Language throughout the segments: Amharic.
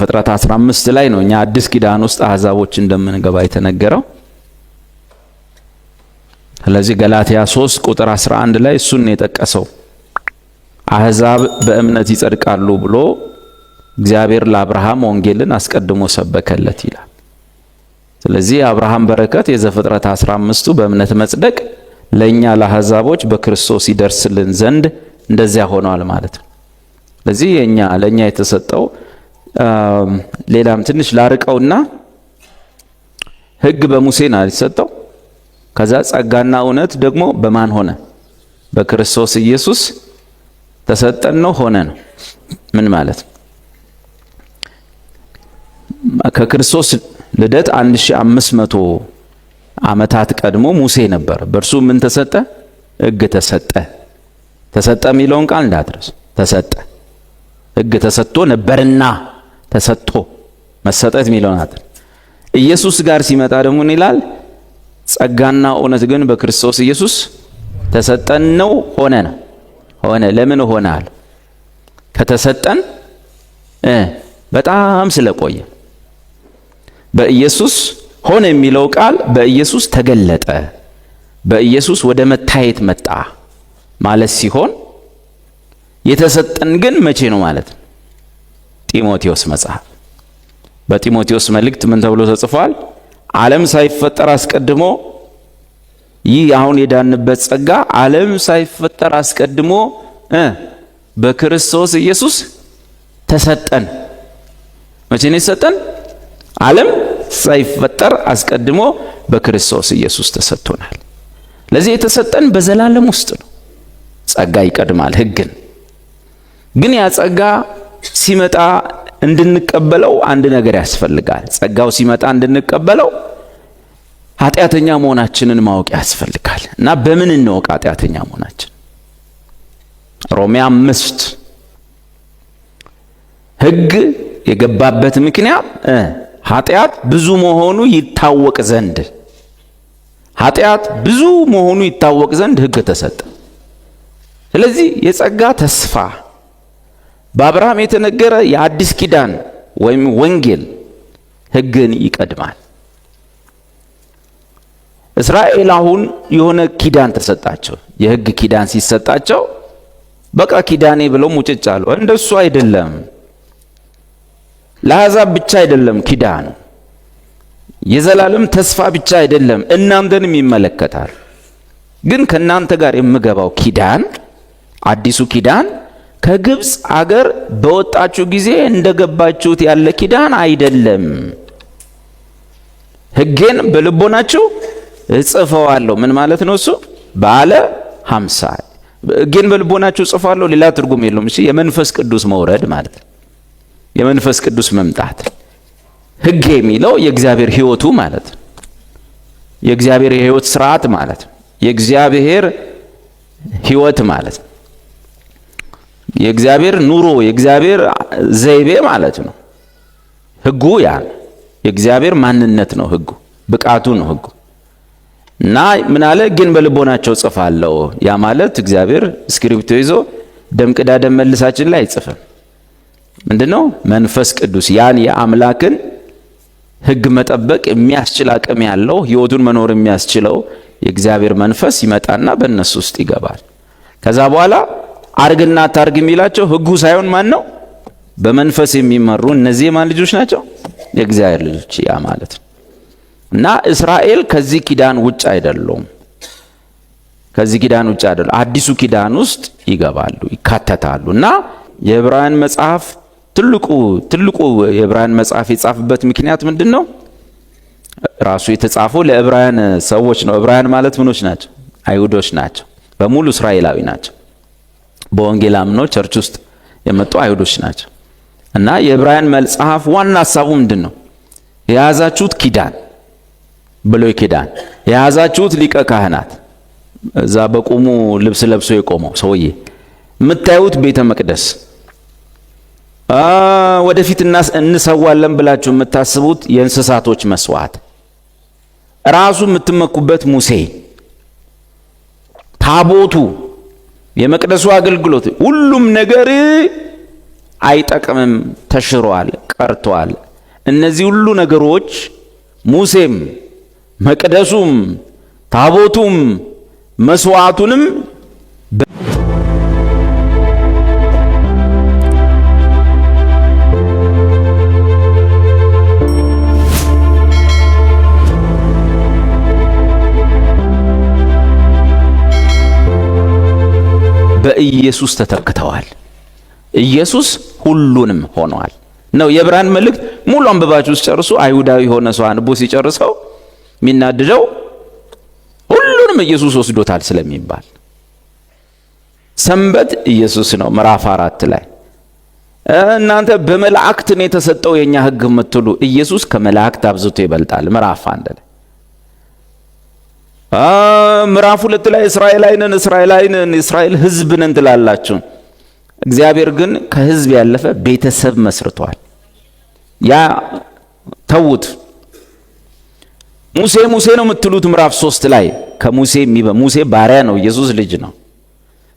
ዘፍጥረት 15 ላይ ነው እኛ አዲስ ኪዳን ውስጥ አህዛቦች እንደምንገባ የተነገረው። ስለዚህ ገላትያ 3 ቁጥር 11 ላይ እሱን ነው የጠቀሰው። አህዛብ በእምነት ይጸድቃሉ ብሎ እግዚአብሔር ለአብርሃም ወንጌልን አስቀድሞ ሰበከለት ይላል። ስለዚህ የአብርሃም በረከት የዘፍጥረት 15ቱ በእምነት መጽደቅ ለእኛ ለአህዛቦች በክርስቶስ ይደርስልን ዘንድ እንደዚያ ሆኗል ማለት ነው። ስለዚህ የእኛ ለእኛ የተሰጠው ሌላም ትንሽ ላርቀውና ህግ በሙሴ ነው ከዛ ጸጋና እውነት ደግሞ በማን ሆነ? በክርስቶስ ኢየሱስ ተሰጠን ነው ሆነ ነው። ምን ማለት ነው? ከክርስቶስ ልደት 1500 ዓመታት ቀድሞ ሙሴ ነበር። በእርሱ ምን ተሰጠ? ህግ ተሰጠ። ተሰጠ የሚለውን ቃል እንዳትረሱ። ተሰጠ ህግ ተሰጥቶ ነበርና ተሰጥቶ መሰጠት የሚለውን አጥር ኢየሱስ ጋር ሲመጣ ደግሞ ምን ይላል? ጸጋና እውነት ግን በክርስቶስ ኢየሱስ ተሰጠን ነው ሆነ ነው ሆነ። ለምን ሆነ አለ? ከተሰጠን በጣም ስለቆየ በኢየሱስ ሆነ የሚለው ቃል በኢየሱስ ተገለጠ፣ በኢየሱስ ወደ መታየት መጣ ማለት ሲሆን የተሰጠን ግን መቼ ነው ማለት ነው ጢሞቴዎስ መጽሐፍ በጢሞቴዎስ መልእክት ምን ተብሎ ተጽፏል? ዓለም ሳይፈጠር አስቀድሞ ይህ አሁን የዳንበት ጸጋ ዓለም ሳይፈጠር አስቀድሞ በክርስቶስ ኢየሱስ ተሰጠን። መቼ ነው የተሰጠን? ዓለም ሳይፈጠር አስቀድሞ በክርስቶስ ኢየሱስ ተሰጥቶናል። ለዚህ የተሰጠን በዘላለም ውስጥ ነው። ጸጋ ይቀድማል ሕግን ግን ያ ጸጋ ሲመጣ እንድንቀበለው አንድ ነገር ያስፈልጋል። ጸጋው ሲመጣ እንድንቀበለው ኃጢአተኛ መሆናችንን ማወቅ ያስፈልጋል። እና በምን እንወቅ ኃጢአተኛ መሆናችን? ሮሜ አምስት ሕግ የገባበት ምክንያት ኃጢአት ብዙ መሆኑ ይታወቅ ዘንድ ኃጢአት ብዙ መሆኑ ይታወቅ ዘንድ ሕግ ተሰጠ። ስለዚህ የጸጋ ተስፋ በአብርሃም የተነገረ የአዲስ ኪዳን ወይም ወንጌል ህግን ይቀድማል። እስራኤል አሁን የሆነ ኪዳን ተሰጣቸው። የህግ ኪዳን ሲሰጣቸው በቃ ኪዳኔ ብለው ሙጭጭ አሉ። እንደሱ አይደለም። ለአሕዛብ ብቻ አይደለም ኪዳኑ የዘላለም ተስፋ ብቻ አይደለም፣ እናንተንም ይመለከታል። ግን ከእናንተ ጋር የምገባው ኪዳን አዲሱ ኪዳን ከግብፅ አገር በወጣችሁ ጊዜ እንደገባችሁት ያለ ኪዳን አይደለም። ሕጌን በልቦናችሁ እጽፈዋለሁ። ምን ማለት ነው? እሱ ባለ ሀምሳ ሕጌን በልቦናችሁ እጽፋለሁ። ሌላ ትርጉም የለውም። እሺ፣ የመንፈስ ቅዱስ መውረድ ማለት የመንፈስ ቅዱስ መምጣት። ሕግ የሚለው የእግዚአብሔር ሕይወቱ ማለት የእግዚአብሔር የሕይወት ስርዓት ማለት የእግዚአብሔር ሕይወት ማለት የእግዚአብሔር ኑሮ የእግዚአብሔር ዘይቤ ማለት ነው። ህጉ ያ የእግዚአብሔር ማንነት ነው ህጉ፣ ብቃቱ ነው ህጉ። እና ምን አለ ግን በልቦናቸው ጽፋለሁ። ያ ማለት እግዚአብሔር እስክሪብቶ ይዞ ደም ቅዳደም መልሳችን ላይ አይጽፍም። ምንድነው? መንፈስ ቅዱስ ያን የአምላክን ህግ መጠበቅ የሚያስችል አቅም ያለው ህይወቱን መኖር የሚያስችለው የእግዚአብሔር መንፈስ ይመጣና በእነሱ ውስጥ ይገባል። ከዛ በኋላ አርግና አታርግ የሚላቸው ህጉ ሳይሆን ማን ነው? በመንፈስ የሚመሩ እነዚህ የማን ልጆች ናቸው? የእግዚአብሔር ልጆች። ያ ማለት ነው እና እስራኤል ከዚህ ኪዳን ውጭ አይደለውም። ከዚህ ኪዳን ውጭ አይደሉም። አዲሱ ኪዳን ውስጥ ይገባሉ፣ ይካተታሉ እና የዕብራውያን መጽሐፍ ትልቁ ትልቁ የዕብራውያን መጽሐፍ የጻፍበት ምክንያት ምንድን ነው? ራሱ የተጻፈው ለዕብራውያን ሰዎች ነው። ዕብራውያን ማለት ምኖች ናቸው? አይሁዶች ናቸው። በሙሉ እስራኤላዊ ናቸው። በወንጌል አምኖ ቸርች ውስጥ የመጡ አይሁዶች ናቸው። እና የዕብራውያን መጽሐፍ ዋና ሀሳቡ ምንድን ነው? የያዛችሁት ኪዳን ብሉይ ኪዳን የያዛችሁት ሊቀ ካህናት እዛ በቁሙ ልብስ ለብሶ የቆመው ሰውዬ የምታዩት ቤተ መቅደስ ወደፊት እንሰዋለን ብላችሁ የምታስቡት የእንስሳቶች መስዋዕት ራሱ የምትመኩበት ሙሴ ታቦቱ የመቅደሱ አገልግሎት ሁሉም ነገር አይጠቅምም፣ ተሽሯል፣ ቀርቷል። እነዚህ ሁሉ ነገሮች ሙሴም መቅደሱም ታቦቱም መስዋዕቱንም በኢየሱስ ተተክተዋል። ኢየሱስ ሁሉንም ሆኗል ነው የብርሃን መልእክት ሙሉ አንብባችሁ ጨርሶ አይሁዳዊ የሆነ ሰው አንቦ ሲጨርሰው የሚናድደው ሁሉንም ኢየሱስ ወስዶታል ስለሚባል ሰንበት ኢየሱስ ነው። ምዕራፍ አራት ላይ እናንተ በመላእክት ነው የተሰጠው የኛ ሕግ የምትሉ ኢየሱስ ከመላእክት አብዝቶ ይበልጣል። ምዕራፍ አንድ ላይ ምዕራፍ ሁለት ላይ እስራኤል አይነን እስራኤል አይነን እስራኤል ህዝብ ነን ትላላችሁ። እግዚአብሔር ግን ከህዝብ ያለፈ ቤተሰብ መስርቷል። ያ ተዉት። ሙሴ ሙሴ ነው የምትሉት ምዕራፍ ሶስት ላይ ከሙሴ የሚበ ሙሴ ባሪያ ነው፣ ኢየሱስ ልጅ ነው።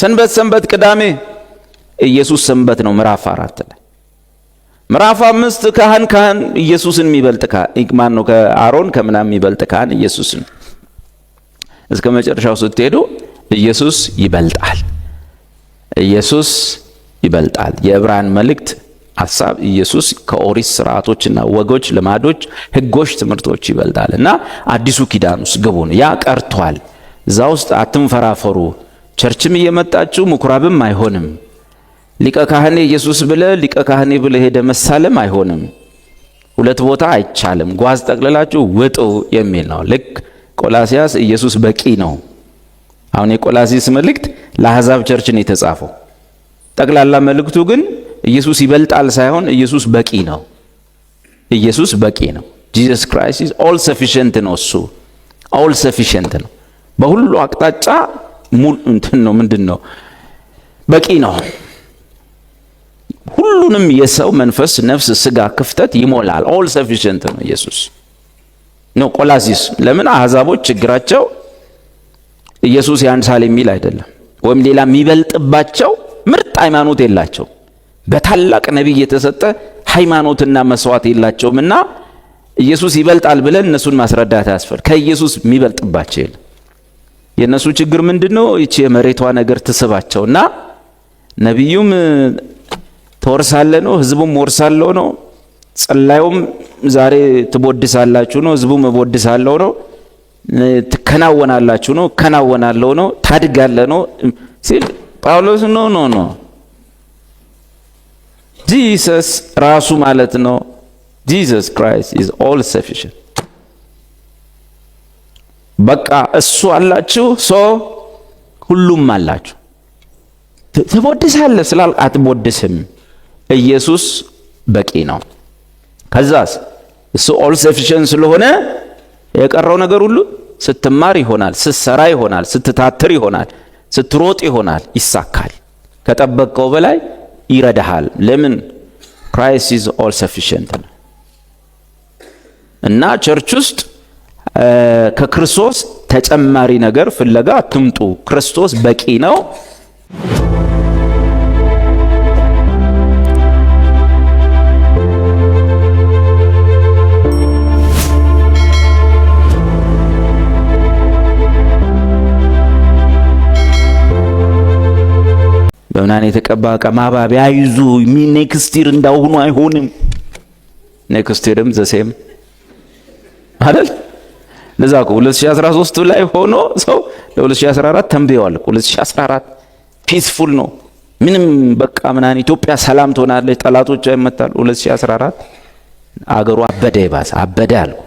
ሰንበት ሰንበት ቅዳሜ ኢየሱስ ሰንበት ነው ምዕራፍ አራት ላይ ምዕራፍ አምስት ካህን ካህን ኢየሱስን የሚበልጥ ካህን ማን ነው? ከአሮን ከምናም የሚበልጥ ካህን ኢየሱስን ነው። እስከ መጨረሻው ስትሄዱ ኢየሱስ ይበልጣል፣ ኢየሱስ ይበልጣል። የዕብራን መልእክት ሐሳብ ኢየሱስ ከኦሪስ ስርዓቶችና ወጎች፣ ልማዶች፣ ህጎች ትምህርቶች ይበልጣል እና አዲሱ ኪዳን ውስጥ ግቡ ያ ቀርቷል። እዛ ውስጥ አትንፈራፈሩ። ቸርችም እየመጣችሁ ምኩራብም አይሆንም። ሊቀ ካህኔ ኢየሱስ ብለ ሊቀ ካህኔ ብለ ሄደ መሳለም አይሆንም። ሁለት ቦታ አይቻልም። ጓዝ ጠቅልላችሁ ውጡ የሚል ነው ልክ ቆላሲያስ ኢየሱስ በቂ ነው። አሁን የቆላሲስ መልእክት ለአሕዛብ ቸርች ነው የተጻፈው። ጠቅላላ መልእክቱ ግን ኢየሱስ ይበልጣል ሳይሆን ኢየሱስ በቂ ነው። ኢየሱስ በቂ ነው። ጂሰስ ክራይስት ኦል ሰፊሽንት ነው። እሱ ኦል ሰፊሽንት ነው። በሁሉ አቅጣጫ ሙሉ እንትን ነው። ምንድን ነው? በቂ ነው። ሁሉንም የሰው መንፈስ፣ ነፍስ፣ ስጋ ክፍተት ይሞላል። ኦል ሰፊሽንት ነው ኢየሱስ። ነው ቆላሲስ። ለምን አህዛቦች ችግራቸው ኢየሱስ ያንሳል የሚል አይደለም፣ ወይም ሌላ የሚበልጥባቸው ምርጥ ሃይማኖት የላቸው በታላቅ ነቢይ የተሰጠ ሃይማኖትና መስዋዕት የላቸውምና ኢየሱስ ይበልጣል ብለን እነሱን ማስረዳት ያስፈል ከኢየሱስ የሚበልጥባቸው የለ። የእነሱ ችግር ምንድን ነው? ይቺ የመሬቷ ነገር ትስባቸውና ነቢዩም ተወርሳለ ነው፣ ህዝቡም ወርሳለው ነው ጸላዩም ዛሬ ትቦድሳላችሁ ነው፣ ህዝቡም እቦድሳለሁ ነው፣ ትከናወናላችሁ ነው፣ እከናወናለሁ ነው፣ ታድጋለ ነው ሲል ጳውሎስ ኖ ኖ ኖ ጂሰስ ራሱ ማለት ነው ጂሰስ ክራይስት ኢዝ ኦል ሰፊሽንት በቃ እሱ አላችሁ ሶ ሁሉም አላችሁ። ትቦድሳለህ ስላል አትቦድስም። ኢየሱስ በቂ ነው። ከዛስ እሱ ኦል ሰፊሽንት ስለሆነ የቀረው ነገር ሁሉ ስትማር ይሆናል፣ ስትሰራ ይሆናል፣ ስትታትር ይሆናል፣ ስትሮጥ ይሆናል። ይሳካል። ከጠበቀው በላይ ይረዳሃል። ለምን? ክራይስት ኢዝ ኦል ሰፊሽንት ነው። እና ቸርች ውስጥ ከክርስቶስ ተጨማሪ ነገር ፍለጋ አትምጡ። ክርስቶስ በቂ ነው። በምናን የተቀባ ዕቃ ማባቢያ ይዙ ኔክስቲር እንዳሁኑ አይሆንም። ኔክስቲርም ዘሴም አይደል? ለዛ እኮ 2013 ላይ ሆኖ ሰው ለ2014 ተንብየዋል። 2014 ፒስፉል ነው። ምንም በቃ ምናን ኢትዮጵያ ሰላም ትሆናለች፣ ጠላቶቿ አይመታል። 2014 አገሩ አበደ፣ ይባስ አበደ አልኩ።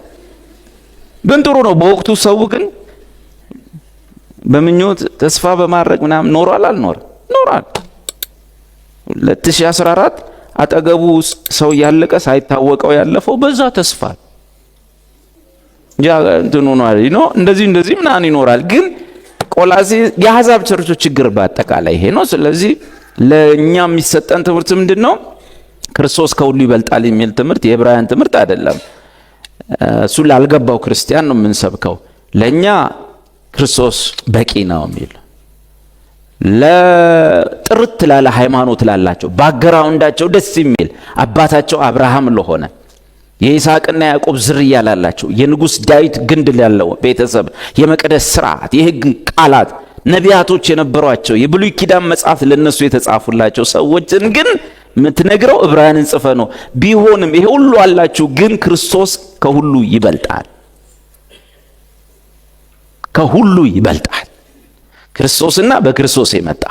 ግን ጥሩ ነው። በወቅቱ ሰው ግን በምኞት ተስፋ በማድረግ ምናምን ኖሯል አልኖርም ይኖራል። 2014 አጠገቡ ሰው እያለቀ ሳይታወቀው ያለፈው በዛ ተስፋ ያ እንትኑ ነው። እንደዚህ እንደዚህ ምናምን ይኖራል። ግን ቆላሴ የአሕዛብ ቸርቾች ችግር በአጠቃላይ ይሄ ነው። ስለዚህ ለእኛ የሚሰጠን ትምህርት ምንድን ነው? ክርስቶስ ከሁሉ ይበልጣል የሚል ትምህርት የዕብራውያን ትምህርት አይደለም። እሱ ላልገባው ክርስቲያን ነው የምንሰብከው። ለእኛ ክርስቶስ በቂ ነው የሚል ለጥርት ላለ ሃይማኖት ላላቸው ባግራውንዳቸው ደስ የሚል አባታቸው አብርሃም ለሆነ የይስሐቅና ያዕቆብ ዝርያ ላላቸው የንጉሥ ዳዊት ግንድ ላለው ቤተሰብ የመቅደስ ስርዓት፣ የሕግ ቃላት ነቢያቶች የነበሯቸው የብሉይ ኪዳን መጽሐፍት ለእነሱ የተጻፉላቸው ሰዎችን ግን የምትነግረው ዕብራውያንን ጽፈ ነው። ቢሆንም ይሄ ሁሉ አላችሁ፣ ግን ክርስቶስ ከሁሉ ይበልጣል፣ ከሁሉ ይበልጣል። ክርስቶስና በክርስቶስ የመጣ